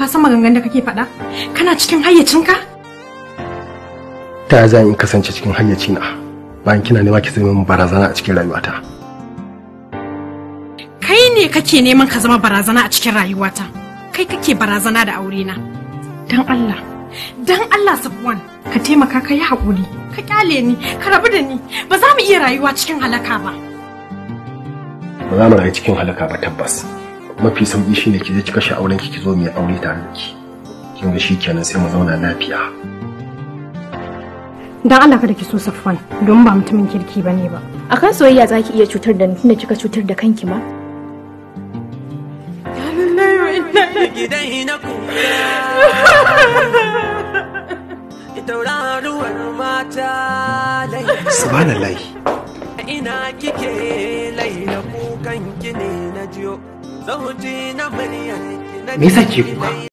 ka san maganganun da kake faɗa kana cikin hayyacinka ta zan in kasance cikin hayyacina bayan kina nema ki zama barazana a cikin rayuwata kai ne kake neman ka zama barazana a cikin rayuwata kai kake barazana da aurena dan Allah dan Allah Safwan ka taimaka ka yi haƙuri ka kyale ni ka rabu da ni ba za mu iya rayuwa cikin halaka ba ba za mu rayu cikin halaka ba tabbas mafi sauki shine ki je ki kashe auren ki ki zo mu yi aure tare da ki kin ga shikenan sai mu zauna lafiya dan Allah kada ki so Safwan don ba mutumin kirki bane ba akan soyayya zaki iya cutar da ni tunda kika cutar da kanki ma Subhanallah. Ina kike laila kukan ki ne na jiyo. Me yasa ke kuka?